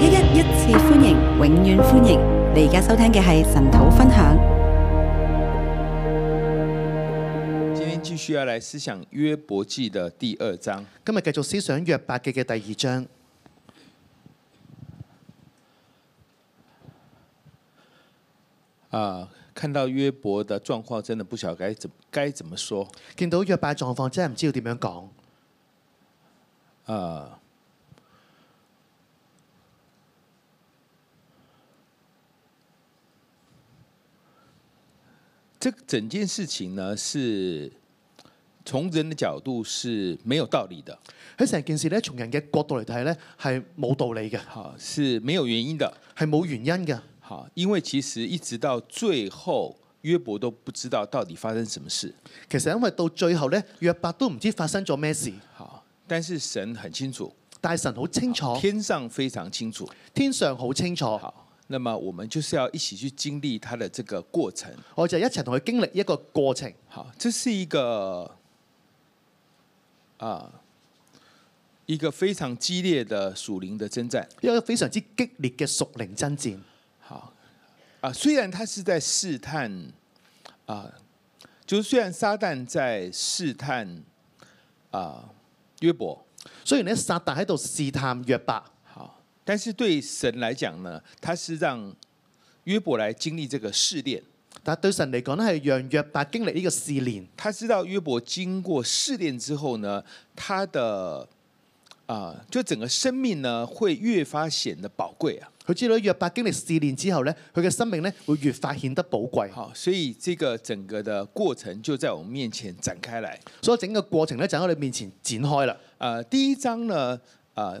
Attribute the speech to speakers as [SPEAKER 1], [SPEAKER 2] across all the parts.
[SPEAKER 1] 一一一次歡迎，永遠歡迎！你而家收聽嘅係神土
[SPEAKER 2] 分享。今天繼續要來思想約伯記的第二章。今日繼續思想約伯記嘅第二章。啊，uh, 看到約伯的狀況，真的不曉得該怎該怎麼說。見到約伯狀況，真係唔知道點樣講。啊。Uh, 這整件事情呢，是從人的角度是沒有道理的。喺成件事呢，從人嘅角度嚟睇呢，係冇道理嘅。好，係沒有原因嘅，係冇原因嘅。好，因為其實一直到最後，約伯都不知道到底發生什麼事。其實因為到最後呢，約伯都唔知發生咗咩事。好，但是神很清楚，大神好清楚。好，天上非常清楚，天上好清楚。那麼我們就是要一起去經歷它的這個過程，我就一齊同佢經歷一個過程。好，這是一個啊、呃、一個非常激烈的屬靈的征戰，一個非常之激烈嘅屬靈征戰。好，啊、呃、雖然他是在試探，啊、呃，就是雖然呃、雖然撒旦在試探，啊、呃，約伯，所以呢撒旦喺度試探約伯。但是對神來講呢，他是讓約伯來經歷這個試煉。但對神嚟講呢，係讓約伯經歷一個試煉。他知道約伯經過試煉之後呢，他的啊、呃，就整個生命呢，會越發顯得寶貴。佢知道約伯經歷試煉之後呢，佢嘅生命呢會越發顯得寶貴。好，所以這個整個的過程就在我們面前展開來。所以整個過程呢，就喺我哋面前展開啦。誒、呃，第一章呢，誒、呃。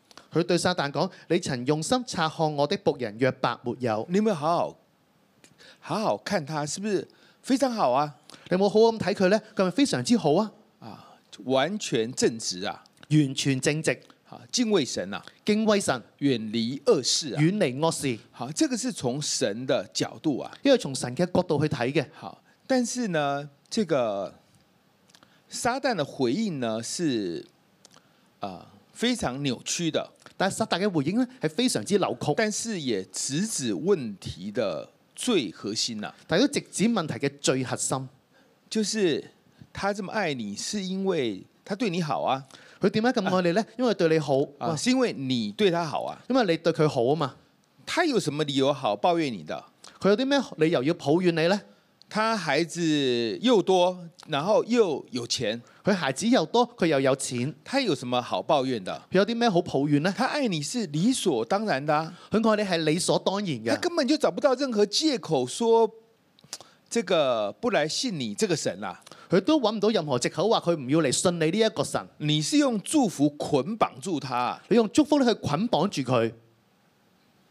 [SPEAKER 2] 佢對撒旦講：你曾用心察看我的僕人約伯沒有？你有冇好好好好看他？是不是非常好啊？你有冇好好咁睇佢咧？佢咪非常之好啊！啊，完全正直啊，完全正直，敬畏神啊，敬畏神，遠離惡事。遠離惡事。好，這個係從神的角度啊，因為從神嘅角度去睇嘅。好，但是呢，這個撒旦的回應呢，是啊、呃，非常扭曲的。但撒但嘅回應咧，係非常之扭曲，但是也直指問題的最核心啦、啊。大家直指問題嘅最核心，就是他這麼愛你，是因為他對你好啊。佢點解咁愛你呢？啊、因為對你好啊，是因為你對他好啊。因為你對佢好啊嘛，他有什麼理由好抱怨你的？的佢有啲咩理由要抱怨你呢？」「他孩子又多，然後又有錢。佢孩子又多，佢又有錢，他有什麼好抱怨的？佢有啲咩好抱怨呢？他愛你是理所當然的，佢愛你係理所當然嘅，佢根本就找不到任何借口說，這個，這個、啊、不，不來信你這個神啦。佢都揾唔到任何借口話佢唔要嚟信你呢一個神。你是用祝福捆綁住他，你用祝福去捆綁住佢，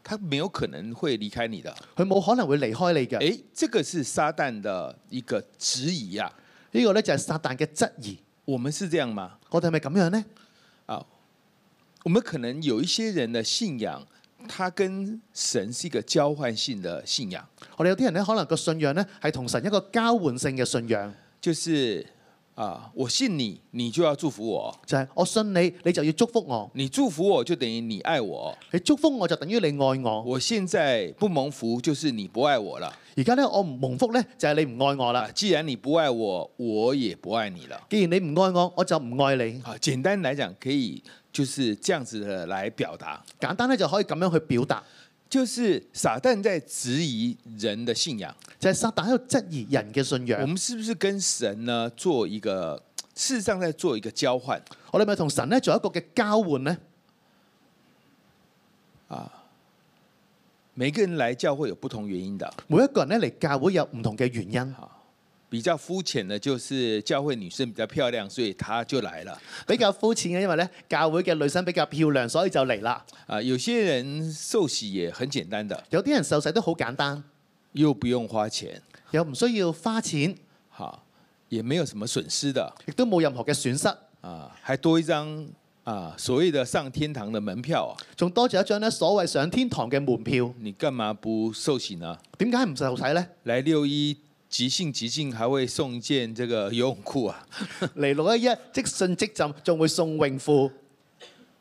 [SPEAKER 2] 他沒有可能會離開你的。佢冇可能會離開你嘅。誒、欸，這個是撒旦的一個質疑啊。呢個呢就係撒旦嘅質疑，我們是這樣嗎？我哋係咪咁樣呢？啊，oh, 我們可能有一些人嘅信仰，他跟神是一個交換性嘅信仰。我哋有啲人呢，可能個信仰呢係同神一個交換性嘅信仰，就是。啊！我信你，你就要祝福我。就係我信你，你就要祝福我。你祝福我就等於你愛我。你祝福我就等於你愛我。我現在不蒙福，就是你不愛我了。而家呢，我唔蒙福呢，就係你唔愛我啦。既然你不愛我，我也不愛你了。既然你唔愛我，我就唔愛你。簡單來講，可以就是這樣子來表達。簡單呢，就可以咁樣去表達。就是撒旦在質疑人的信仰，就係撒旦要質疑人嘅信仰。我們是不是跟神呢做一個事實上在做一個交換？我哋咪同神呢做一個嘅交換呢？啊，每個人來教會有不同原因的，每一個人呢嚟教會有唔同嘅原因。比較膚淺的，就是教會女生比較漂亮，所以她就來了。比較膚淺嘅，因為咧教會嘅女生比較漂亮，所以就嚟啦。啊，有些人受洗也很簡單的。有啲人受洗都好簡單，又不用花錢，又唔需要花錢，好，也沒有什麼損失的，亦都冇任何嘅損失啊，還多一張啊，所謂的上天堂的門票啊，仲多咗一張咧，所謂上天堂嘅門票。你幹嘛不受洗呢？點解唔受洗呢？嚟六一。即信即進，還會送一件這個游泳褲啊！嚟 六一一，即信即進，仲會送泳褲。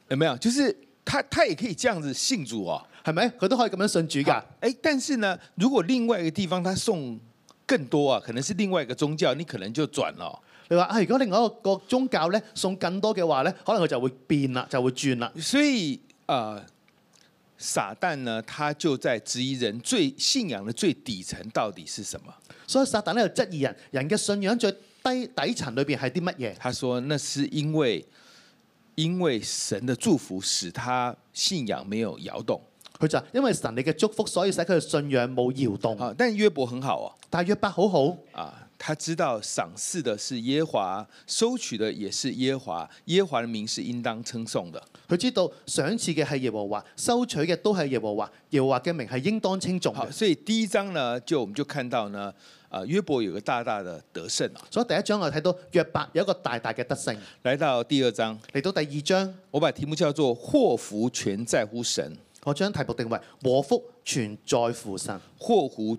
[SPEAKER 2] 有冇有？就是他他也可以這樣子信主啊、哦，係咪？佢都可以咁樣信主㗎。哎、啊欸，但是呢，如果另外一個地方他送更多啊，可能是另外一個宗教，你可能就轉咯。你話啊，如果另外一個，個宗教咧送更多嘅話咧，可能佢就會變啦，就會轉啦。所以啊。呃撒旦呢，他就在質疑人最信仰的最底層到底是什麼？所以撒旦呢，就質疑人，人嘅信仰最低底層裏邊係啲乜嘢？他說：那是因為因為神的祝福使他信仰沒有搖動。佢就因為神你嘅祝福，所以使佢嘅信仰冇搖動。但約伯很好啊，但約伯好好啊。啊他知道賞賜的是耶和華，收取的也是耶和華，耶和華的名是應當稱頌的。佢知道賞賜的係耶和華，收取嘅都係耶和華，耶和華嘅名係應當稱重。所以第一章呢，就我們就看到呢，啊約伯有個大大的得勝啊。所以第一章我哋睇到約伯有一個大大嘅得勝。到大大得勝來到第二章，嚟到第二章，我把題目叫做禍福全在乎神。我將題目定為禍福全在乎神。禍福。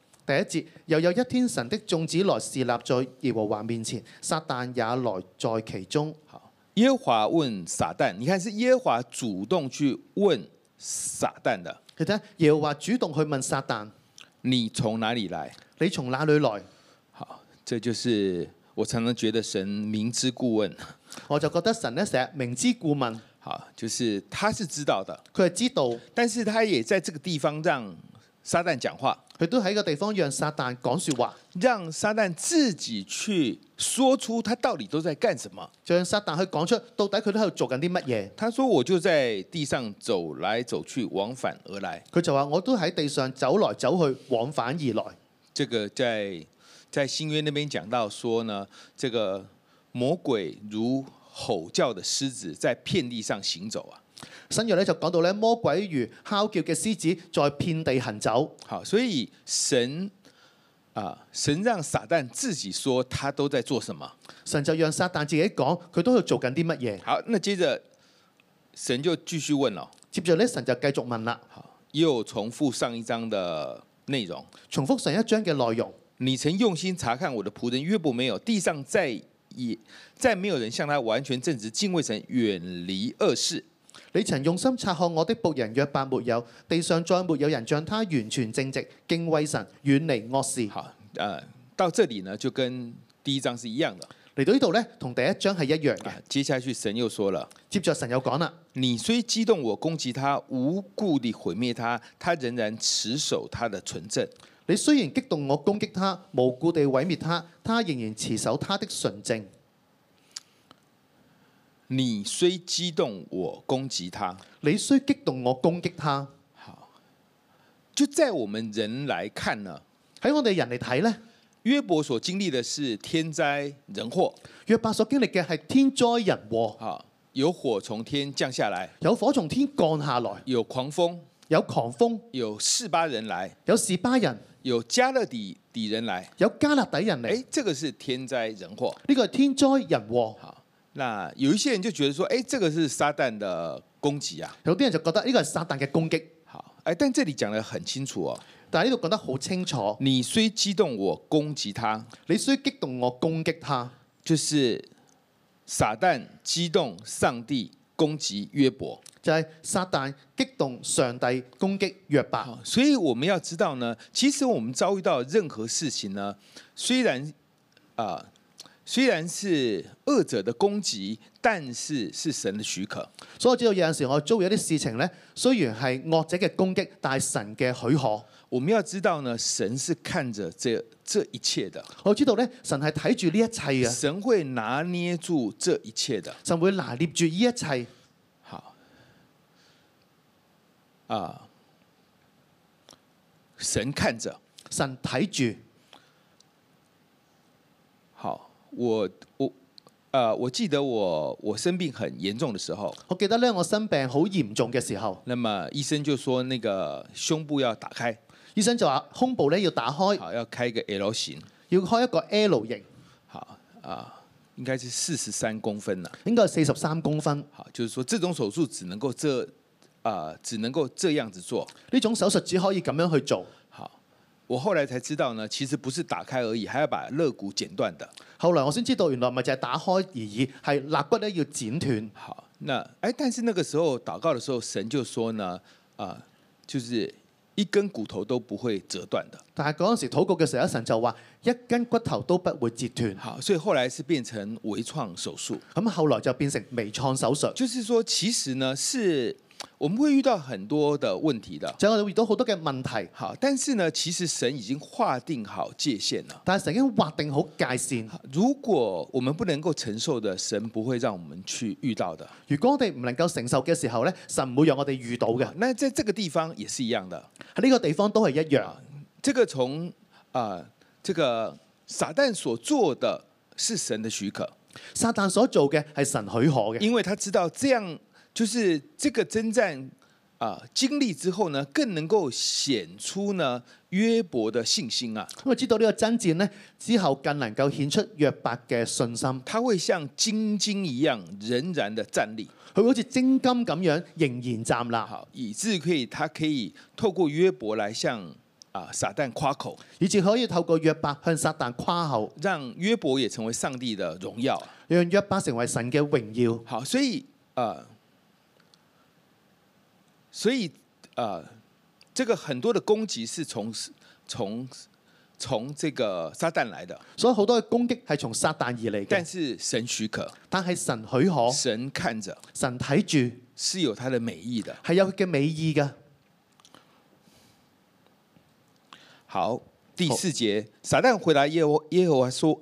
[SPEAKER 2] 第一節又有一天，神的眾子來侍立在耶和華面前，撒旦也來在其中。耶和華問撒旦。你看是耶和華主動去問撒旦的。佢睇耶和華主動去問撒旦：「你從哪裡來？你從哪裡來？好，這就是我常常覺得神明知故問。我就覺得神呢，成日明知故問。好，就是他是知道的，佢係知道，但是他也在這個地方讓。撒旦講話，佢都喺個地方讓撒旦講說話，讓撒旦自己去說出他到底都在幹什麼，就讓撒旦去講出到底佢都喺度做緊啲乜嘢。他說，我就在地上走來走去，往返而來，佢就話我都喺地上走來走去，往返而來，這個在在新約那邊講到說呢，這個魔鬼如吼叫的獅子，在遍地上行走啊。新約咧就講到咧，魔鬼如敲叫嘅獅子，在遍地行走。好，所以神啊，神讓撒旦自己說，他都在做什麼？神就讓撒旦自己講，佢都要做緊啲乜嘢？好，那接着神就繼續問咯。接着呢，神就繼續問啦。又重複上一章的內容，重複上一章嘅內容。你曾用心查看我的僕人約伯，沒有地上再也再沒有人像他完全正直，敬畏神，遠離惡事。你曾用心察看我的僕人約伯沒有？地上再沒有人像他完全正直，敬畏神，遠離惡事。吓，誒，到這裡呢就跟第一章是一樣的。嚟到呢度呢，同第一章係一樣嘅。接下去神又說了。接著神又講啦：你雖激動我攻擊他，無故地毀滅他，他仍然持守他的純正。你雖然激動我攻擊他，無故地毀滅他，他仍然持守他的純正。你雖激動，我攻擊他。你雖激動，我攻擊他。就在我們人來看呢，喺我哋人嚟睇呢，約伯所經歷的是天災人禍。約伯所經歷嘅係天災人禍。好，啊，有火從天降下來，有火從天降下來，有狂風，有狂風，有示巴人來，有示巴人，有加勒底底人來，有加勒底人嚟。誒，哎，這個是天災人禍，呢個係天災人禍。那有一些人就覺得說，誒、哎，這個是撒旦的攻擊啊，有啲人就覺得呢個是撒旦嘅攻擊。好，誒，但這裏講得很清楚哦，但係呢度講得好清楚。你雖激動我攻擊他，你雖激動我攻擊他，就是撒旦激動上帝攻擊約伯，就係撒旦激動上帝攻擊約伯。所以我們要知道呢，其實我們遭遇到任何事情呢，雖然啊。呃雖然是惡者的攻擊，但是是神的許可。所以我知道有陣時候我遭遇一啲事情呢，雖然係惡者嘅攻擊，但係神嘅許可。我們要知道呢，神是看着這這一切的。我知道呢，神係睇住呢一切嘅。神會拿捏住這一切嘅。神會拿捏住呢一切。好啊，神看着，神睇住，好。我我，啊、呃！我記得我我生病很嚴重的時候，我記得咧我生病好嚴重嘅時候，那麼醫生就說那個胸部要打開，醫生就話胸部咧要打開，好，要開一個 L 型，要開一個 L 型，好啊，應該是四十三公分啦，應該是四十三公分，好，就是說這種手術只能夠這啊只能夠這樣子做，呢種手術只可以咁樣去做，好，我後來才知道呢，其實不是打開而已，還要把肋骨剪斷的。後來我先知道，原來咪就係打開而已，係肋骨咧要剪斷。好，那誒，但是那個時候禱告嘅時候，神就說呢，啊，就是一根骨頭都不會折斷的。但係嗰陣時禱告嘅時候，神就話一根骨頭都不會折斷。好，所以後來是變成微創手術。咁、嗯、後來就變成微創手術，就是說其實呢是。我們會遇到很多的問題的，所以我哋遇到好多嘅問題。好，但是呢，其實神已經劃定好界限啦。但係神已經劃定好界線，如果我們不能夠承受的，神不會讓我們去遇到的。如果我哋唔能夠承受嘅時候呢，神唔會讓我哋遇到嘅。那在這個地方也是一樣的，呢個地方都係一樣。這個從啊、呃，這個撒旦所做的是神的許可，撒旦所做嘅係神許可嘅，因為他知道這樣。就是這個征戰啊經歷之後呢，更能夠顯出呢約伯的信心啊。我知道呢個章節呢之後，更能夠顯出約伯嘅信心。他會像精金一樣，仍然的站立。佢好似精金咁樣，仍然站立。好，以致可以，他可以透過約伯來向啊撒旦誇口，以致可以透過約伯向撒旦誇口，讓約伯也成為上帝的榮耀，讓約伯成為神嘅榮耀。好，所以啊。呃所以，呃，這個很多的攻擊是從從從這個撒旦來的，所以好多的攻擊係從撒旦而嚟嘅。但是神許可，但係神許可，神看着，神睇住，是有他的美意的，係有佢嘅美意嘅。好，第四節，好撒旦回來耶耶和華說。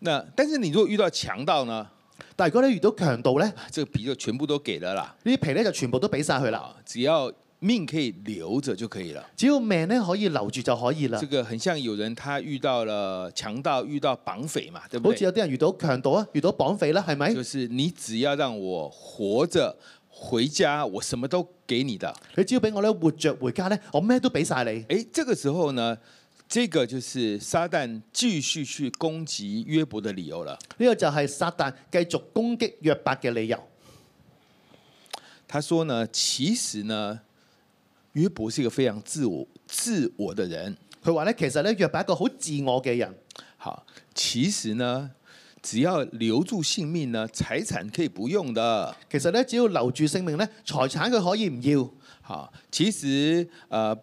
[SPEAKER 2] 那，但是你如果遇到強盜呢？但如果你遇到強盜呢，這個皮，這皮就全部都給了啦，呢皮呢就全部都俾晒佢啦。只要命可以留着就可以了，只要命呢可以留住就可以啦。這個很像有人他遇到了強盜，遇到綁匪嘛，對唔對？好似有啲人遇到強盜啊，遇到綁匪啦，係咪？就是你只要讓我活，我，只要我活着回家，我什麼都給你的。你只要俾我咧活着回家咧，我咩都俾晒你。誒，這個時候呢？這個就是撒旦繼續去攻擊約伯的理由了。呢個就係撒旦繼續攻擊約伯嘅理由。他說呢，其實呢，約伯是一個非常自我自我的人。佢話呢，其實呢，約伯一個好自我嘅人。好，其實呢，只要留住性命呢，財產可以不用的。其實呢，只要留住性命呢，財產佢可以唔要。其實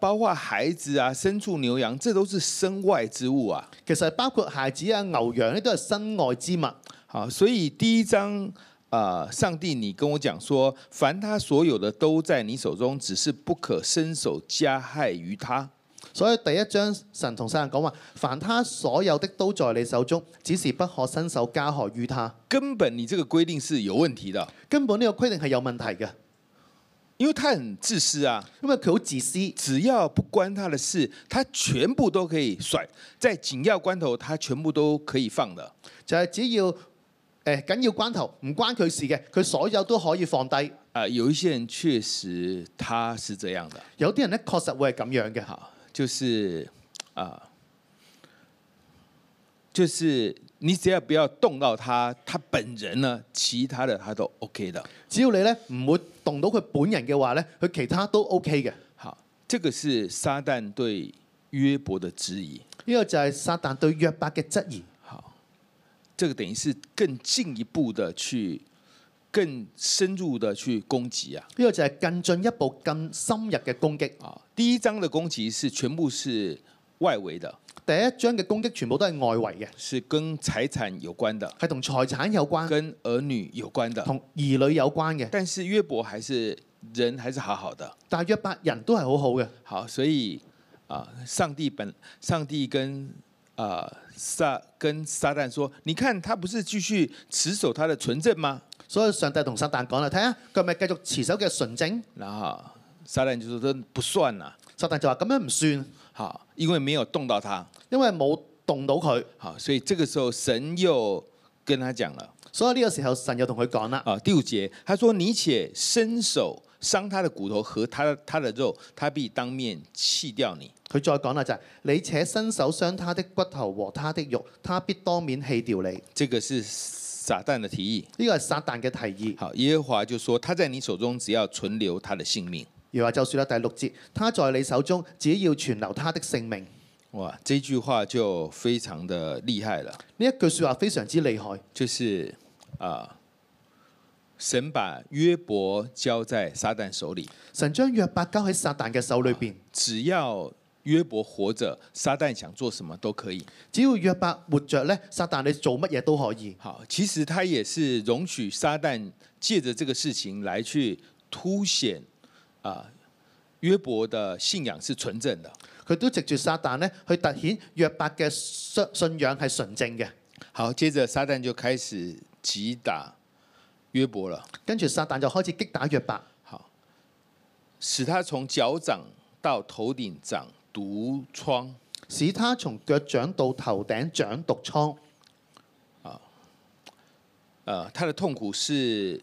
[SPEAKER 2] 包括孩子啊，牲畜牛羊，這都是身外之物啊。其實包括孩子啊、牛羊呢，都係身外之物。所以第一章，上帝，你跟我講說，凡他所有的都在你手中，只是不可伸手加害於他。所以第一章，神同世人講話，凡他所有的都在你手中，只是不可伸手加害於他。根本你這個規定是有問題的。根本呢個規定係有問題嘅。因為他很自私啊，因為佢好自私，只要不關他的事，他全部都可以甩，在緊要關頭，他全部都可以放的，就係只要誒、呃、緊要關頭唔關佢事嘅，佢所有都可以放低。啊、呃，有一些人確實他是這樣的，有啲人咧確實會係咁樣嘅，哈，就是啊，就是。呃，就是你只要不要動到他，他本人呢，其他的他都 OK 的。只要你呢，唔會動到佢本人嘅話呢，佢其他都 OK 嘅。好，這個是撒旦對約伯的質疑。呢個就係撒旦對約伯嘅質疑。好，這個等於是更進一步的去、更深入的去攻擊啊。呢個就係更進一步、更深入嘅攻擊啊。第一章的攻擊是全部是外圍的。第一章嘅攻擊全部都係外圍嘅，是跟財產有關的，係同財產有關，跟兒女有關的，同兒女有關嘅。但是約伯還是人，還是好好的。但約伯人都係好好嘅。好，所以啊、呃，上帝本上帝跟啊、呃、撒跟撒旦說：你看他不是繼續持守他的純正嗎？所以上帝同撒旦講啦，睇下佢係咪繼續持守嘅純正。然後撒旦就話：不不算啦。撒旦就話：咁樣唔算。好，因為沒有動到他，因為冇動到佢。好，所以這個時候神又跟他講了。所以呢個時候神又同佢講啦。啊，第五節，他說：你且伸手傷他的骨頭和他他的肉，他必當面棄掉你。佢再講啦，就係你且伸手傷他的骨頭和他的肉，他必當面棄掉你。這個是撒旦的提議，呢個係撒旦嘅提議。好，耶和華就說：他在你手中，只要存留他的性命。如話，說就算啦。第六節，他在你手中，只要存留他的性命。哇，這句話就非常的厲害了。呢一句說話非常之厲害，就是啊、呃，神把約伯交在撒旦手裏，神將約伯交喺撒旦嘅手裏邊，只要約伯活着，撒旦想做什麼都可以。只要約伯活着咧，撒旦你做乜嘢都可以。好，其實他也是容許撒旦借着這個事情來去凸顯。啊，約伯的信仰是純正的，佢都藉住撒旦咧去突顯約伯嘅信信仰係純正嘅。好，接着撒旦就開始擊打約伯了，跟住撒旦就開始擊打約伯，好，使他從腳掌到頭頂長毒瘡，使他從腳掌到頭頂長毒瘡。啊，啊、呃，他的痛苦是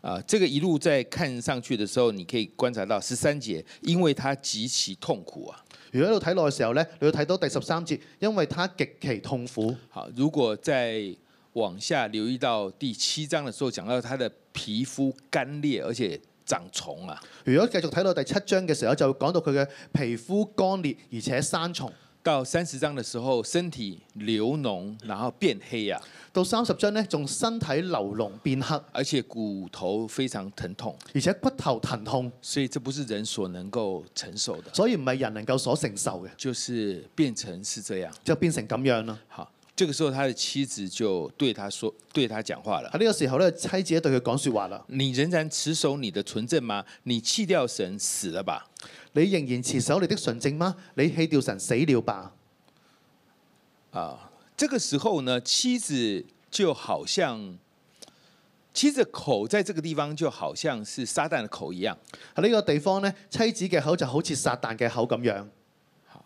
[SPEAKER 2] 啊，這個一路在看上去的時候，你可以觀察到十三節，因為他極其痛苦啊。如果喺度睇落嘅時候呢，你會睇到第十三節，因為他極其痛苦。好，如果再往下留意到第七章嘅時候，講到他的皮膚乾裂，而且長蟲啊。如果繼續睇到第七章嘅時候，就講到佢嘅皮膚乾裂，而且生蟲。到三十章的時候，身體流膿，然後變黑呀。到三十章呢，從身體流膿變黑，而且骨頭非常疼痛，而且骨頭疼痛，所以這不是人所能夠承受的。所以唔係人能夠所承受嘅，就是變成是這樣，就變成咁樣咯。好，這個時候他的妻子就對他說，對他講話了。喺呢個時候呢，妻子對佢講說話了。你仍然持守你的純正嗎？你棄掉神，死了吧。你仍然持守你的純正嗎？你棄掉神，死了吧。啊，這個時候呢，妻子就好像妻子口在這個地方就好像是撒旦的口一樣。喺呢個地方呢，妻子嘅口就好似撒旦嘅口咁樣。好，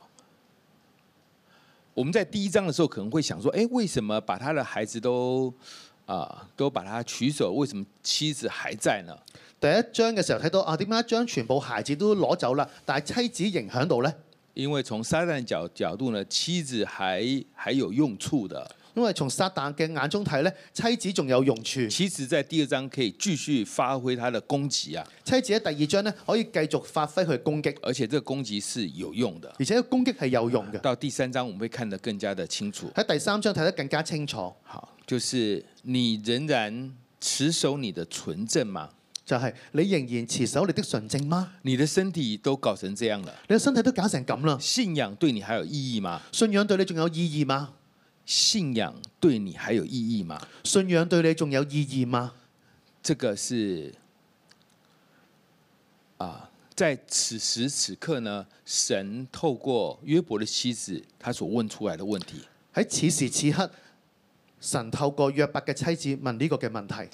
[SPEAKER 2] 我們在第一章嘅時候可能會想說，誒、欸，為什麼把他的孩子都啊都把他取走？為什麼妻子還在呢？第一章嘅時候睇到啊，點解一章全部孩子都攞走啦？但係妻子仍喺度呢？因為從撒旦角角度呢，妻子係還，還有用處的。因為從撒旦嘅眼中睇呢，妻子仲有用處。妻子在第二章可以繼續發揮他的攻擊啊。妻子喺第二章呢，可以繼續發揮佢攻擊。而且，這個攻擊是有用的。而且攻擊係有用嘅。到第三章，我們會看得更加的清楚。喺第三章睇得更加清楚。好，就是你仍然持守你的純正嘛？就係你仍然持守你的純正嗎？你的身體都搞成這樣了，你嘅身體都搞成咁啦。信仰對你還有意義嗎？信仰對你仲有意義嗎？信仰對你還有意義嗎？信仰對你仲有意義嗎？義嗎這個是啊，在此時此刻呢，神透過約伯的妻子，他所問出來的問題。喺此時此刻，神透過約伯嘅妻子問呢個嘅問題。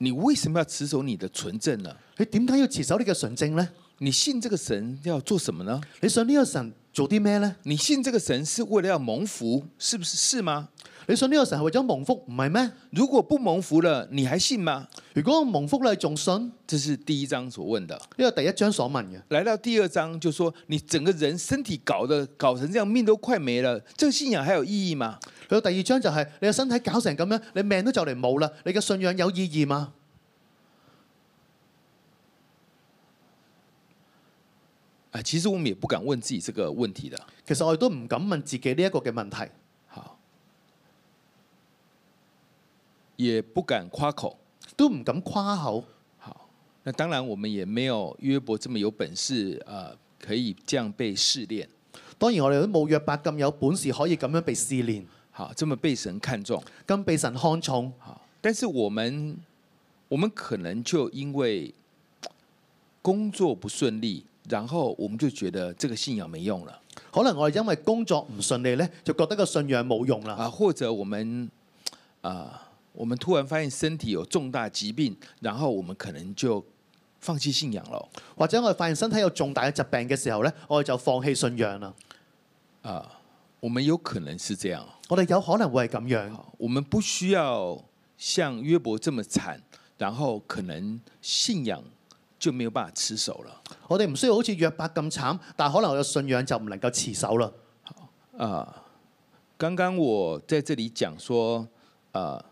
[SPEAKER 2] 你為什麼要持守你的純正呢？你點解要持守你嘅純正呢？你信這個神要做什麼呢？你信呢個神做啲咩呢？你信這個神是為了要蒙福，是不是？是嗎？你信呢個神會將蒙福，唔係咩？如果不蒙福了，你還信嗎？如果蒙福了，仲信。這是第一章所問的。你要第一章所問嘅，來到第二章就說，你整個人身體搞得搞成這樣，命都快沒了，這個信仰還有意義嗎？佢第二章就係、是、你嘅身體搞成咁樣，你命都就嚟冇啦，你嘅信仰有意義嗎？誒，其實我們也不敢問自己這個問題的。其實我哋都唔敢問自己呢一個嘅問題，好，也不敢誇口，都唔敢誇口。好，那當然我們也沒有約伯這麼有本事啊，呃，可以這樣被試煉。當然我哋都冇約伯咁有本事，呃、可以咁樣被試煉。啊，這麼被神看重，咁被神看重。啊，但是我們，我們可能就因為工作不順利，然後我們就覺得這個信仰沒用了。可能我哋因為工作唔順利呢，就覺得個信仰冇用了啊，或者我們，啊、呃，我們突然發現身體有重大疾病，然後我們可能就放棄信仰咯。或者我哋發現身體有重大嘅疾病嘅時候呢，我哋就放棄信仰啦。啊、呃，我們有可能是這樣。我哋有可能會係咁樣，我們不需要像約伯這麼慘，然後可能信仰就沒有辦法持守了。我哋唔需要好似約伯咁慘，但可能我嘅信仰就唔能夠持守啦。啊，剛剛我在這裏講說，啊，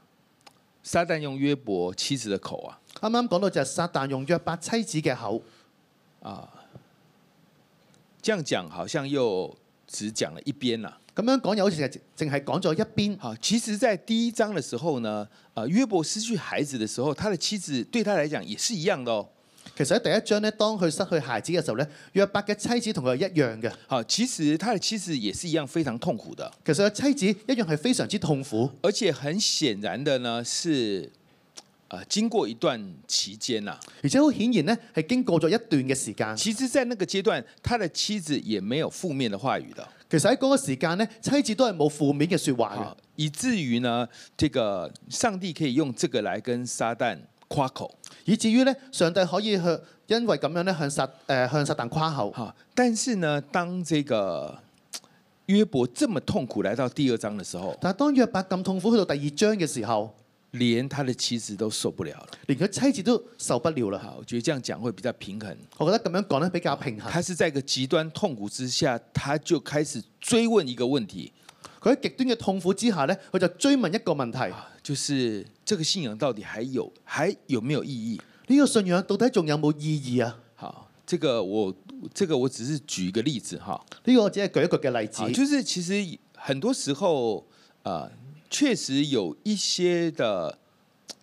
[SPEAKER 2] 撒旦用約伯妻子的口啊，啱啱講到就係撒旦用約伯妻子嘅口啊，這樣講好像又只講了一邊啦。咁樣講，又好似淨係講咗一邊。好，其實，在第一章嘅時候呢，啊、呃，約伯失去孩子嘅時候，他的妻子對他嚟講也是一樣的哦。其實喺第一章呢，當佢失去孩子嘅時候呢，約伯嘅妻子同佢一樣嘅。好，其實他嘅妻子也是一樣非常痛苦嘅。其實妻子一樣係非常之痛苦，而且很顯然的呢，是、呃、啊，經過一段期間啦，而且好顯然呢，係經過咗一段嘅時間。其實，在那個階段，他的妻子也沒有負面的話語的。其實喺嗰個時間咧，妻子都係冇負面嘅說話嘅，以至於呢，這個上帝可以用這個嚟跟撒旦誇口，以至於咧，上帝可以向因為咁樣咧向撒誒、呃、向撒旦誇口。吓，但是呢，當這個約伯這麼痛苦來到第二章嘅時候，但係當約伯咁痛苦去到第二章嘅時候。連他的妻子都受不了了，連佢妻子都受不了啦。好，我覺得這樣講會比較平衡。我覺得咁樣講咧比較平衡。他是在一個極端痛苦之下，他就開始追問一個問題。佢喺極端嘅痛苦之下呢，佢就追問一個問題，就是這個信仰到底還有，還有沒有意義？呢個信仰到底仲有冇意義啊？好，這個我，這個我只是舉一個例子哈。呢個我只係舉一個例子，就是其實很多時候，啊、呃。確實有一些的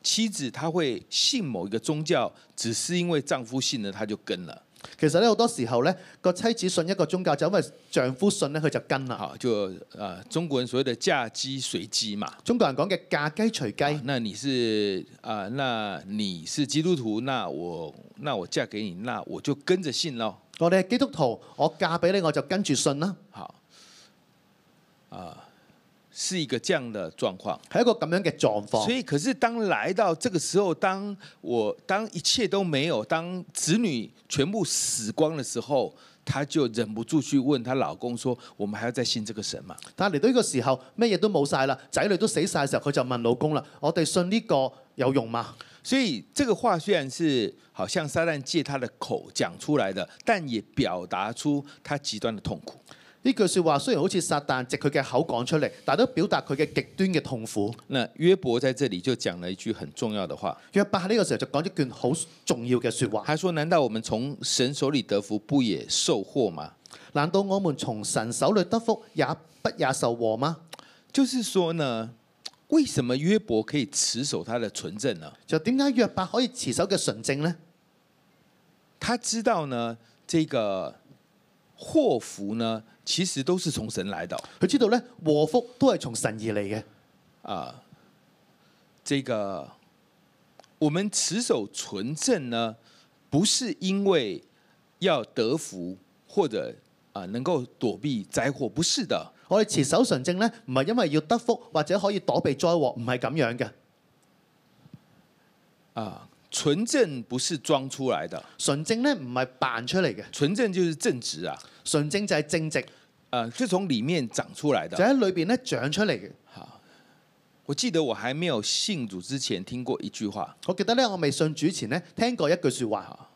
[SPEAKER 2] 妻子，她會信某一個宗教，只是因為丈夫信了，她就跟了。其實咧，好多時候呢個妻子信一個宗教，就因為丈夫信呢佢就跟啦。好，就呃，中國人所謂的嫁雞隨雞嘛。中國人講嘅嫁雞隨雞。那你是啊、呃？那你是基督徒？那我那我嫁給你，那我就跟着信咯。我哋、哦、基督徒，我嫁俾你，我就跟住信啦。好，啊、呃。是一個這樣的狀況，係一個咁樣嘅狀況。所以，可是當來到這個時候，當我當一切都沒有，當子女全部死光的時候，她就忍不住去問她老公說，我們還要再信這個神嗎？她嚟到一個時候，咩嘢都冇晒啦，仔女都死晒，就可就問老公啦。我哋信呢個有用嗎？所以，這個話雖然是好像撒旦借他的口講出來的，但也表達出他極端的痛苦。呢句說話雖然好似撒旦藉佢嘅口講出嚟，但係都表達佢嘅極端嘅痛苦。那約伯在這裏就講了一句很重要嘅話。約伯喺呢個時候就講一段好重要嘅說話。佢話：難道我們從神手裏得福，不也受禍嗎？難道我們從神手裏得福，也不也受禍嗎？就是說呢，為什麼約伯可以持守他的純正呢？就點解約伯可以持守嘅純正呢？他知道呢，這個。禍福呢，其實都是從神來的。佢知道咧，禍福都係從神而嚟嘅。啊，這個我們、啊、我們持守純正呢，不是因為要得福或者啊能夠躲避災禍，不是的。我哋持守純正呢，唔係因為要得福或者可以躲避災禍，唔係咁樣嘅。啊。純正不是裝出來的，純正呢，唔係扮出嚟嘅，純正就是正直啊，純正就係正直，誒，係從裏面長出來的，就喺裏邊咧長出嚟嘅。好，我記得我還沒有信主之前聽過一句話，我記得咧，我未信主前呢，聽過一句說話，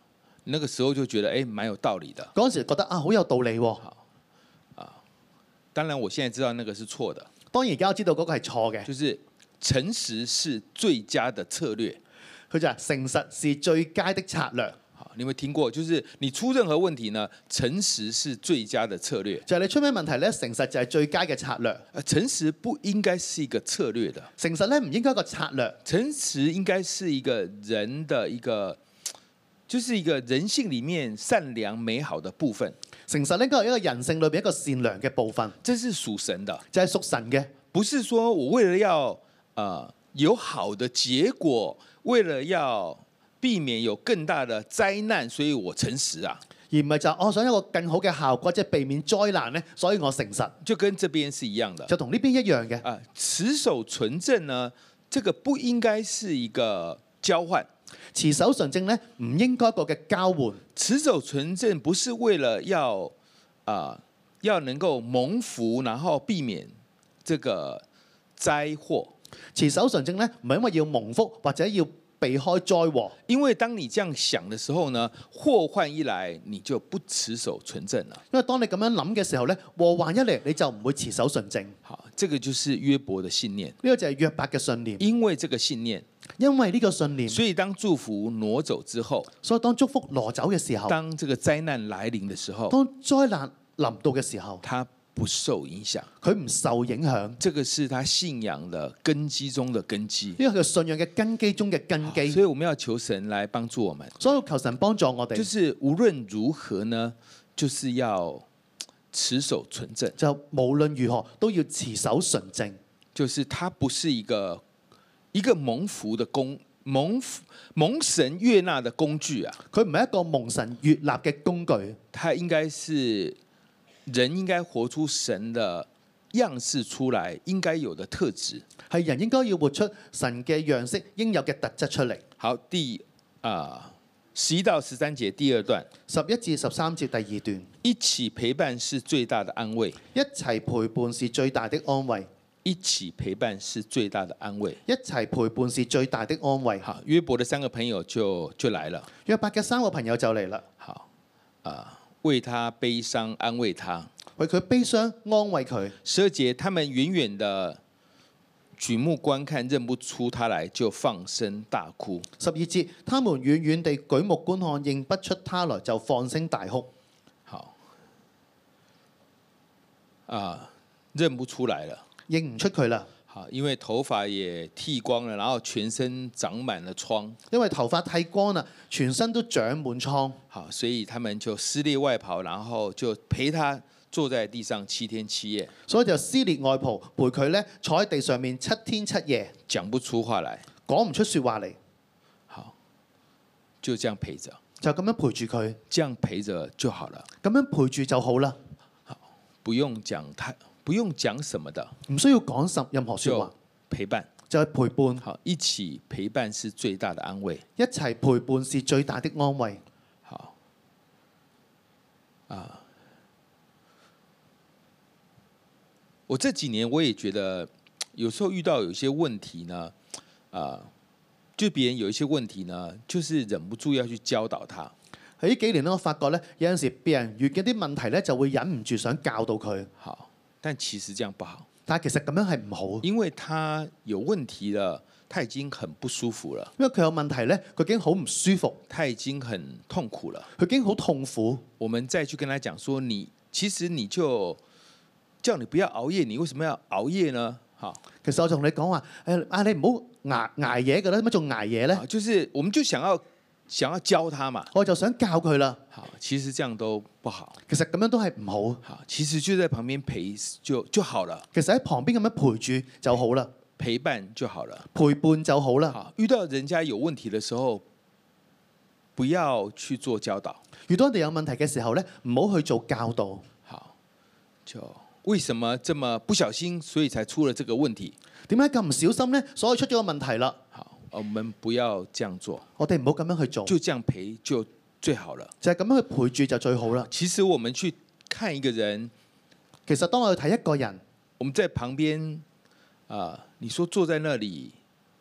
[SPEAKER 2] 那個時候就覺得誒，蠻有道理的，嗰時覺得啊，好有道理，啊，當然我現在知道那個是錯的，當然而家我知道嗰個係錯嘅，就是誠實是最佳的策略。佢就話誠實是最佳的策略。你有冇聽過？就是你出任何問題呢，誠實是最佳的策略。就係你出咩問題呢？誠實就係最佳嘅策略。誠實不應該是一個策略的。誠實咧唔應該個策略。誠實應該是一個人的一個，就是一個人性裏面善良美好的部分。誠實咧都係一個人性裏面一個善良嘅部分。這是屬神的，係屬神嘅，不是說我為了要、呃有好的結果，為了要避免有更大的災難，所以我誠實啊。而唔係就，我、哦、想有個更好嘅效果，即係避免災難咧，所以我誠實。就跟這邊是一樣的，就同呢邊一樣嘅。啊、呃，持守純正呢，這個不應該是一個交換。持守純正咧，唔應該一個嘅交換。持守純正不是為了要啊、呃，要能夠蒙福，然後避免這個災禍。持守純正呢，唔係因為要蒙福或者要避開災禍，因為當你這樣想的時候呢，禍患一來，你就不持守純正啦。因為當你咁樣諗嘅時候呢，禍患一嚟，你就唔會持守純正。好，這個就是約伯的信念，呢個就係約伯嘅信念。因為這個信念，因為呢個信念，所以當祝福挪走之後，所以當祝福挪走嘅時候，當這個災難來臨嘅時候，當災難臨到嘅時候，他，不受影響，佢唔受影響，這個是他信仰的根基中的根基，因為佢信仰嘅根基中嘅根基，所以我們要求神來幫助我們，所有求神幫助我哋，就是無論如何呢，就是要持守純正，就無論如何都要持守純正，就是他不是一個一個蒙福的工，蒙蒙神悅納的工具啊，佢唔係一個蒙神悅納嘅工具，佢係應該是。人應該活出神的樣式出來，應該有的特質係人應該要活出神嘅樣式，應有嘅特質出嚟。好，第啊十一到十三節第二段，十一至十三節第二段，一起陪伴是最大的安慰，一齊陪伴是最大的安慰，一起陪伴是最大的安慰，一齊陪伴是最大的安慰。好，約伯的三個朋友就就來了，約伯嘅三個朋友就嚟啦。好，啊、呃。為他悲傷，安慰他；為佢悲傷，安慰佢。十二節，他們遠遠的舉目觀看，認不出他來，就放聲大哭。十二節，他們遠遠地舉目觀看，認不出他來，就放聲大哭。好，啊，認不出來了，認唔出佢啦。因為頭髮也剃光了，然後全身長滿了瘡。因為頭髮剃光啦，全身都長滿瘡。好，所以他們就撕裂外袍，然後就陪他坐在地上七天七夜。所以就撕裂外袍，陪佢咧坐喺地上面七天七夜，講不出話來，講唔出說話嚟。好，就這樣陪着，就咁樣陪住佢，這樣陪着就好了。咁樣陪住就好了，好，不用講太不用講什麼的，唔需要講什任何說話。陪伴就係陪伴，好，一起陪伴是最大的安慰，一齊陪伴是最大的安慰。好，啊，我這幾年我也覺得，有時候遇到有些問題呢，啊，就別人有一些問題呢，就是忍不住要去教導他。喺呢幾年咧，我發覺呢，有陣時別人遇嘅啲問題呢，就會忍唔住想教導佢。好。但其實這樣不好，但其實咁樣係唔好，因為他有問題了，他已經很不舒服了。因為佢有問題咧，佢已經好唔舒服，他已經很痛苦了，佢已經好痛苦。我們再去跟他講說你，你其實你就叫你不要熬夜，你為什麼要熬夜呢？好，其實我同你講話，誒、哎、啊，你唔好挨挨夜噶啦，乜解仲挨夜咧？呢就是我們就想要。想要教他嘛，我就想教佢啦。好，其實這樣都不好，其實咁樣都係唔好。好，其實就在旁邊陪就就好了。其實喺旁邊咁樣陪住就好了，陪伴就好了，陪伴就好了好。遇到人家有問題的時候，不要去做教導。遇到人哋有問題嘅時候咧，唔好去做教導。好，就為什麼這麼不小心，所以才出了這個問題？點解咁唔小心咧？所以出咗個問題啦。我們不要這樣做，我哋唔好咁樣去做，就這樣陪就最好了，就係咁樣去陪住就最好了。其實我們去看一個人，其實當我去睇一個人，我們在旁邊啊、呃，你說坐在那裏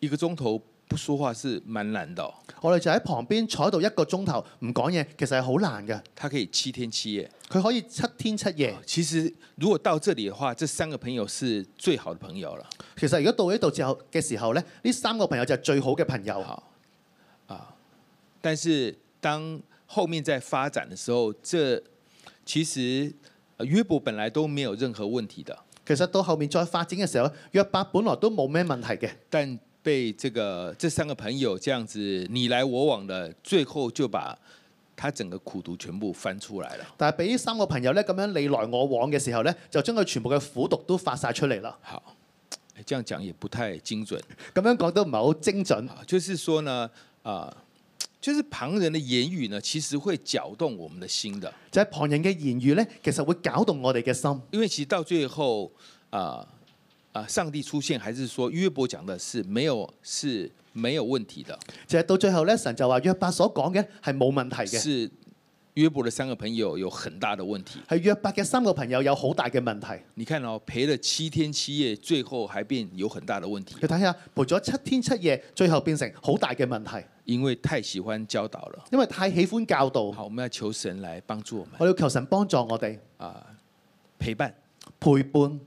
[SPEAKER 2] 一個鐘頭。不說話是蠻難的哦，我哋就喺旁邊坐喺度一個鐘頭唔講嘢，其實係好難嘅。他可以七天七夜，佢可以七天七夜。其實如果到這裏嘅話，這三個朋友是最好的朋友了。其實如果到呢度之後嘅時候呢，呢三個朋友就是最好嘅朋友，啊。但是當後面再發展的時候，這其實約伯本來都沒有任何問題的。其實到後面再發展嘅時候，約伯本來都冇咩問題嘅。但被這個這三個朋友這樣子你來我往的，最後就把他整個苦毒全部翻出來了。但係俾三個朋友呢，咁樣你來我往嘅時候呢，就將佢全部嘅苦毒都發晒出嚟啦。好，誒，這樣講也不太精準。咁樣講都唔係好精準。就是說呢，啊，就是旁人的言語呢，其實會攪動我們的心的。就係旁人嘅言語呢，其實會攪動我哋嘅心。因為其實到最後，啊。上帝出現，還是說約伯講的是沒有是沒有問題的？其實到最後咧，神就話約伯所講嘅係冇問題嘅。是約伯的三個朋友有很大的問題。係約伯嘅三個朋友有好大嘅問題。你看哦，陪了七天七夜，最後還變有很大的問題。你睇下，陪咗七天七夜，最後變成好大嘅問題。因為太喜歡教導了。因為太喜歡教導。好，我們要求神來幫助我們。我要求神幫助我哋啊，陪伴陪伴。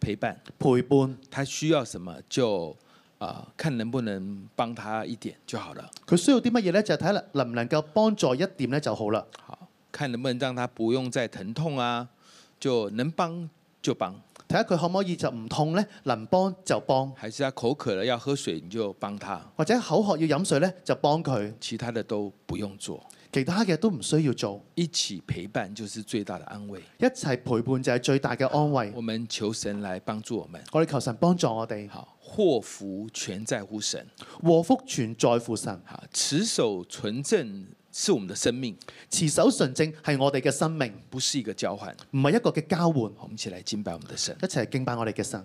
[SPEAKER 2] 陪伴，陪伴，他需要什麼就啊、呃，看能不能幫他一點就好了。佢需要啲乜嘢咧，就係睇下能唔能夠幫助一點咧就好啦。好，看能不能讓他不用再疼痛啊，就能幫就幫。睇下佢可唔可以就唔痛咧，能幫就幫。還是啊，口渴了要喝水，你就幫他。或者口渴要飲水咧，就幫佢。其他的都不用做。其他嘅都唔需要做，一起陪伴就是最大的安慰。一齊陪伴就係最大嘅安慰。我們求神來幫助我們，我哋求神幫助我哋。好，禍福全在乎神，禍福全在乎神。好，持守純正是我們的生命，持守純正係我哋嘅生命，不是一個交換，唔係一個嘅交換。我們一起來敬拜我們的神，一齊敬拜我哋嘅神。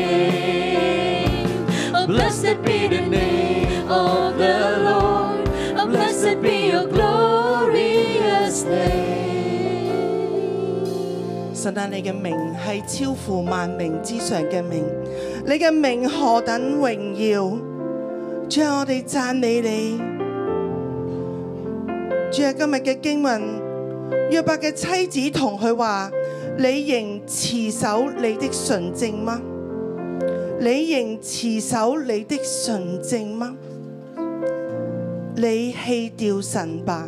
[SPEAKER 3] 神你嘅名係超乎萬名之上嘅名，你嘅名何等榮耀！將我哋讚美你。主啊，今日嘅經文，約伯嘅妻子同佢話：你仍持守你的純正嗎？你仍持守你的純正嗎？你棄掉神吧！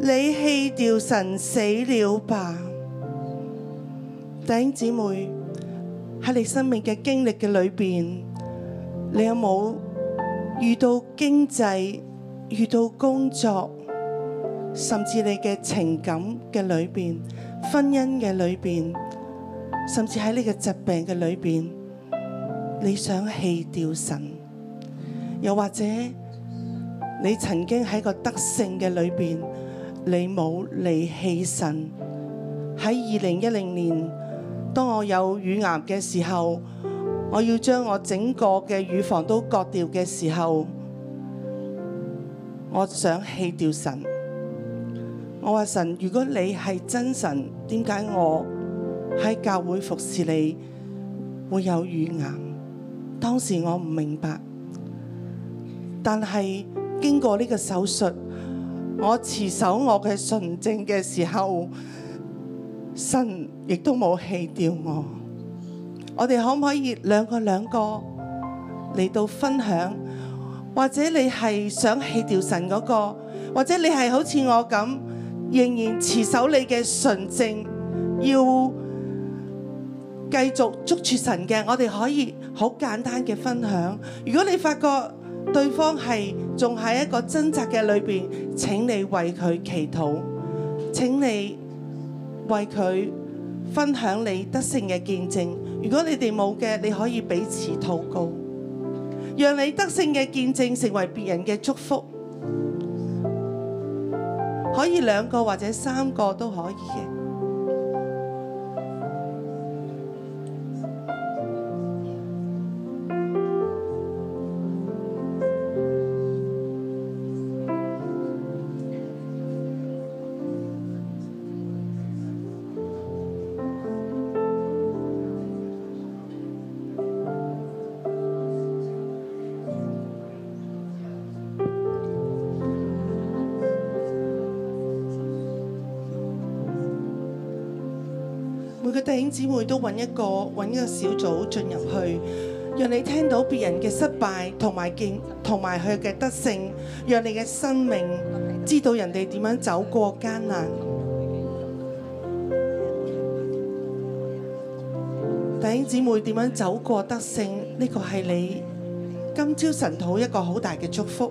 [SPEAKER 3] 你棄掉神死了吧！弟兄姊妹，喺你生命嘅經歷嘅裏邊，你有冇有遇到經濟、遇到工作，甚至你嘅情感嘅裏邊、婚姻嘅裏邊，甚至喺你嘅疾病嘅裏邊，你想棄掉神？又或者你曾經喺個得勝嘅裏邊，你冇離棄神？喺二零一零年。當我有乳癌嘅時候，我要將我整個嘅乳房都割掉嘅時候，我想棄掉神。我話神，如果你係真神，點解我喺教會服侍你會有乳癌？當時我唔明白，但係經過呢個手術，我持守我嘅純正嘅時候，神，亦都冇棄掉我，我哋可唔可以兩個兩個嚟到分享？或者你係想棄掉神嗰個，或者你係好似我咁，仍然持守你嘅純正，要繼續捉住神嘅。我哋可以好簡單嘅分享。如果你發覺對方係仲喺一個掙扎嘅裏邊，請你為佢祈禱，請你為佢。分享你得勝嘅見證，如果你哋冇嘅，你可以彼此禱告，讓你得勝嘅見證成為別人嘅祝福，可以兩個或者三個都可以嘅。姊妹都揾一個揾一個小組進入去，讓你聽到別人嘅失敗同埋見同埋佢嘅得勝，讓你嘅生命知道人哋點樣走過艱難。弟兄姊妹點樣走過得勝？呢個係你今朝晨禱一個好大嘅祝福。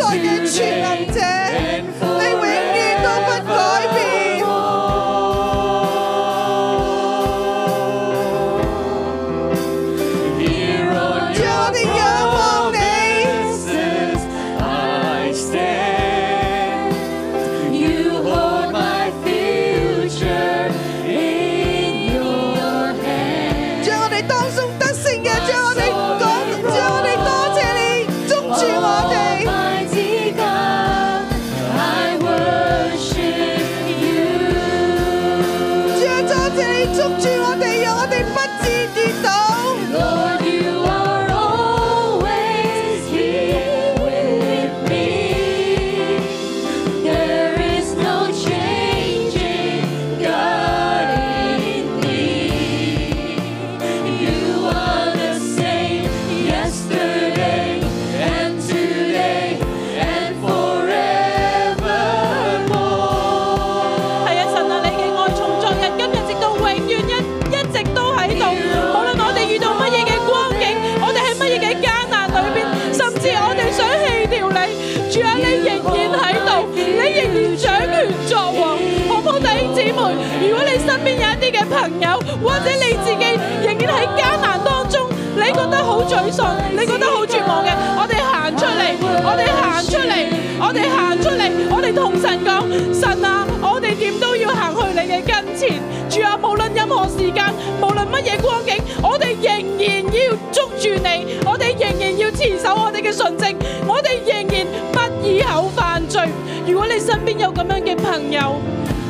[SPEAKER 3] 我哋仍然要捉住你，我哋仍然要持守我哋嘅純正，我哋仍然不以口犯罪。如果你身邊有咁樣嘅朋友，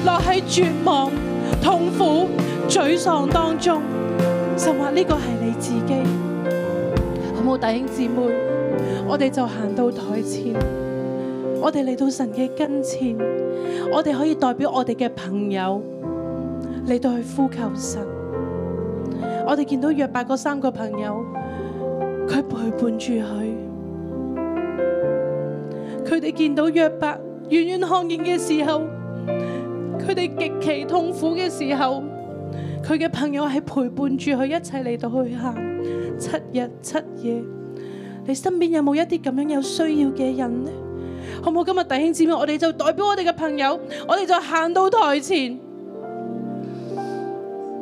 [SPEAKER 3] 落喺絕望、痛苦、沮喪當中，神話呢個係你自己。好冇弟兄姊妹，我哋就行到台前，我哋嚟到神嘅跟前，我哋可以代表我哋嘅朋友嚟到去呼求神。我哋見到約伯嗰三個朋友，佢陪伴住佢。佢哋見到約伯遠遠看見嘅時候，佢哋極其痛苦嘅時候，佢嘅朋友係陪伴住佢，一齊嚟到去行七日七夜。你身邊有冇一啲咁樣有需要嘅人呢？好唔好？今日弟兄姊妹，我哋就代表我哋嘅朋友，我哋就行到台前。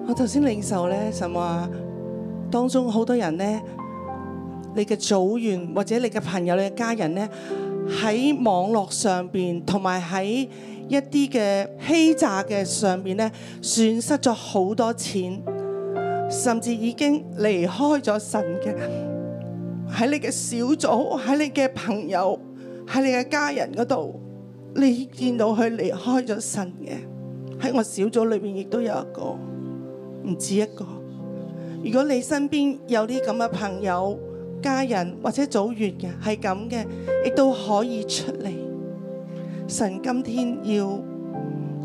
[SPEAKER 3] 我頭先領袖咧就話，當中好多人咧，你嘅組員或者你嘅朋友、你嘅家人咧，喺網絡上邊同埋喺一啲嘅欺詐嘅上邊咧，損失咗好多錢，甚至已經離開咗神嘅。喺你嘅小組、喺你嘅朋友、喺你嘅家人嗰度，你見到佢離開咗神嘅。喺我小組裏邊亦都有一個。唔止一個，如果你身邊有啲咁嘅朋友、家人或者組員嘅係咁嘅，亦都可以出嚟。神今天要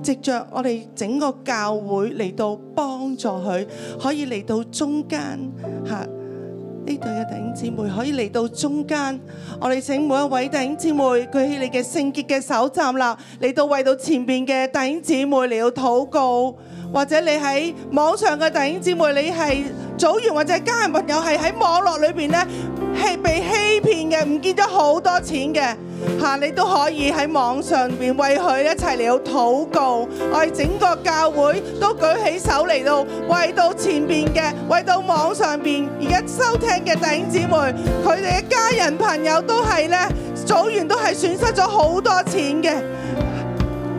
[SPEAKER 3] 藉着我哋整個教會嚟到幫助佢，可以嚟到中間吓。呢對嘅弟兄姊妹可以嚟到中間，我哋請每一位弟兄姊妹舉起你嘅聖潔嘅手站立，嚟到為到前面嘅弟兄姊妹嚟到禱告，或者你喺網上嘅弟兄姊妹，你係組員或者家人朋友係喺網絡裏面呢，係被欺騙嘅，唔見咗好多錢嘅。吓！你都可以喺網上邊為佢一齊嚟到禱告，我哋整個教會都舉起手嚟到為到前面嘅，為到網上面而家收聽嘅弟兄姊妹，佢哋嘅家人朋友都係咧，組員都係損失咗好多錢嘅，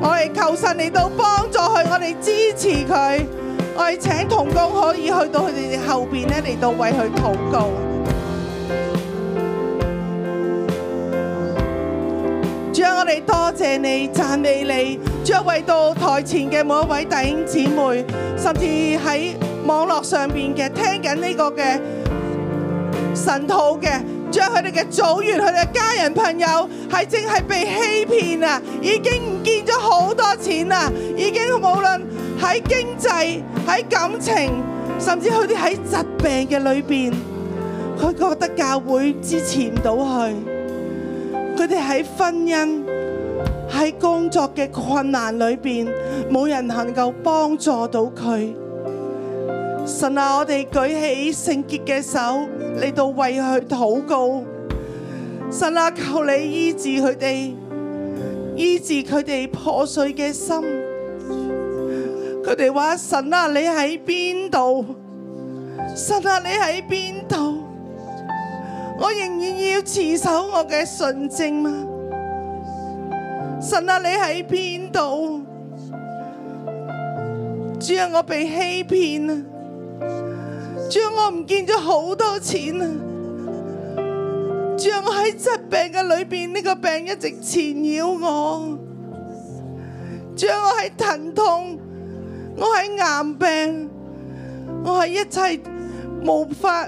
[SPEAKER 3] 我哋求神嚟到幫助佢，我哋支持佢，我哋請同工可以去到佢哋嘅後面咧，嚟到為佢禱告。將我們多謝，謝你，讚美你將為到台前的每一位弟兄姊妹，甚至在網絡上面的聽緊呢個嘅神套的，將佢哋嘅組員、他們，的他們的家人、朋友，是正係被欺騙啊，已經不見了好多錢了，已經無論在經濟、在感情，甚至他們在疾病的裏面，他覺得教會支持不到他。佢哋喺婚姻、喺工作嘅困難裏邊，冇人能夠幫助到佢。神啊，我哋舉起聖潔嘅手嚟到為佢禱告。神啊，求你醫治佢哋，醫治佢哋破碎嘅心。佢哋話：神啊，你喺邊度？神啊，你喺邊度？我仍然要持守我嘅純正嗎？神啊，你喺邊度？只要我被欺騙啊！只要我唔見咗好多錢啊！只要我喺疾病嘅裏邊，呢、這個病一直纏繞我。只要我喺疼痛，我喺癌病，我喺一切無法。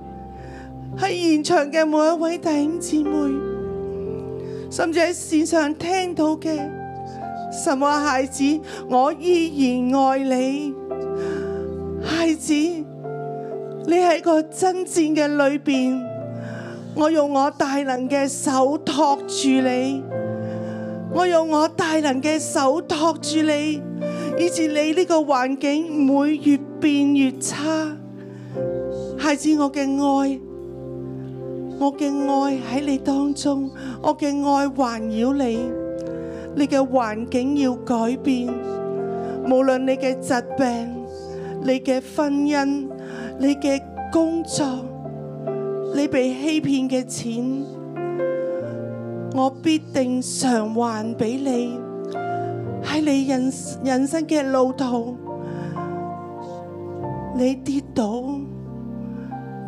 [SPEAKER 3] 喺現場嘅每一位弟兄姊妹，甚至喺線上聽到嘅神話，孩子，我依然愛你。孩子，你喺個爭戰嘅裏面，我用我大能嘅手托住你，我用我大能嘅手托住你，以致你呢個環境唔會越變越差。孩子，我嘅愛。我嘅愛喺你當中，我嘅愛環繞你。你嘅環境要改變，無論你嘅疾病、你嘅婚姻、你嘅工作、你被欺騙嘅錢，我必定償還俾你。喺你人人生嘅路途，你跌倒，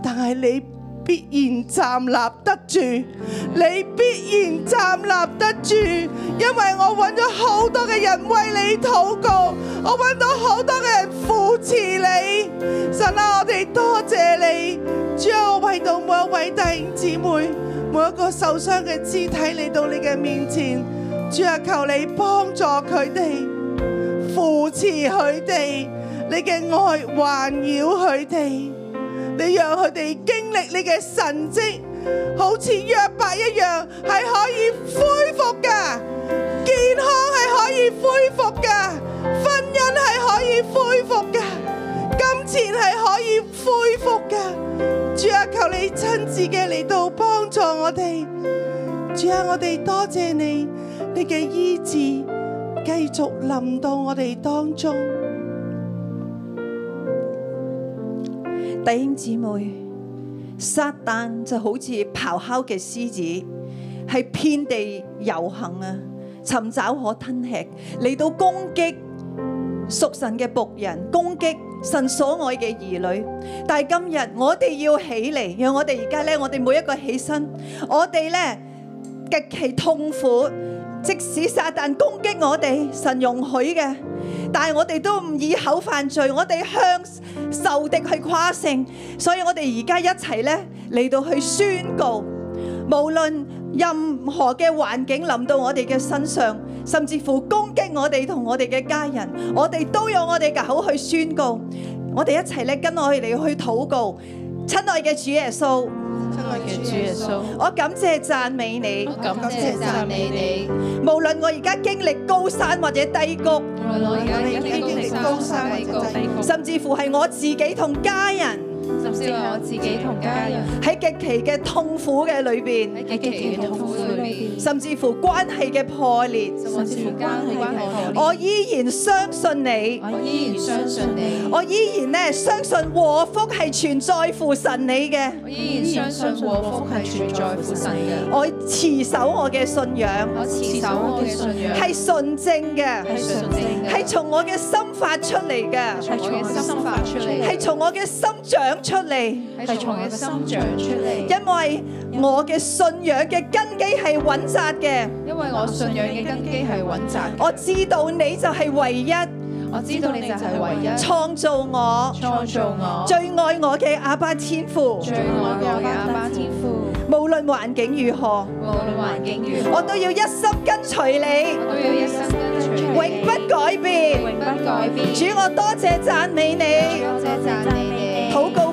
[SPEAKER 3] 但係你必然站立得住，你必然站立得住，因為我揾咗好多嘅人為你禱告，我揾到好多嘅人扶持你。神啦、啊，我哋多謝你，將我為到每一位弟兄姊妹，每一個受傷嘅肢體嚟到你嘅面前，主啊，求你幫助佢哋，扶持佢哋，你嘅愛環繞佢哋。你讓佢哋經歷你嘅神蹟，好似約伯一樣，係可以恢復㗎，健康係可以恢復㗎，婚姻係可以恢復㗎，金錢係可以恢復㗎。主啊，求你親自嘅嚟到幫助我哋。主啊，我哋多謝你，你嘅醫治繼續臨到我哋當中。
[SPEAKER 1] 弟兄姊妹，撒旦就好似咆哮嘅獅子，係遍地遊行啊，尋找可吞吃，嚟到攻擊屬神嘅僕人，攻擊神所愛嘅兒女。但今日我哋要起嚟，讓我哋而家咧，我哋每一個起身，我哋呢，極其痛苦。即使撒旦攻擊我哋，神容許嘅，但係我哋都唔以口犯罪，我哋向仇敵去誇勝。所以我哋而家一齊咧嚟，到去宣告，無論任何嘅環境臨到我哋嘅身上，甚至乎攻擊我哋同我哋嘅家人，我哋都有我哋嘅口去宣告。我哋一齊咧跟我哋嚟去禱告。親愛嘅主耶穌，親愛嘅主耶穌，我感謝讚美你，我感謝讚美你。無論我而家經歷高山或者低谷，無論我而家經歷高山或者低谷，甚至乎係我自己同家人。甚至我自己同家人喺極其嘅痛苦嘅裏邊，喺極其嘅痛苦裏邊，甚至乎關係嘅破裂，甚至乎關係嘅破裂，我依然相信你，我依然相信你，我依然咧相信禍福係存在乎神你嘅，我依然相信
[SPEAKER 4] 禍福係存在乎神嘅，
[SPEAKER 1] 我持守我嘅信仰，我持守我嘅信仰，係純正嘅，係純正嘅，係從我嘅心發出嚟嘅，係從我嘅心發出嚟，係從我嘅心長。出嚟係從我嘅心長出嚟，因為我嘅信仰嘅根基係穩紮嘅。因為我信仰嘅根基係穩紮。我知道你就係唯一，我知道你就係唯一創造我、創造我最愛我嘅阿爸天父、最愛我嘅阿爸天父。無論環境如何，無論環境如何，我都要一心跟隨你，我都要一心跟隨你，永不改變，永不改變。主我多謝讚美你，多謝讚美你，好高。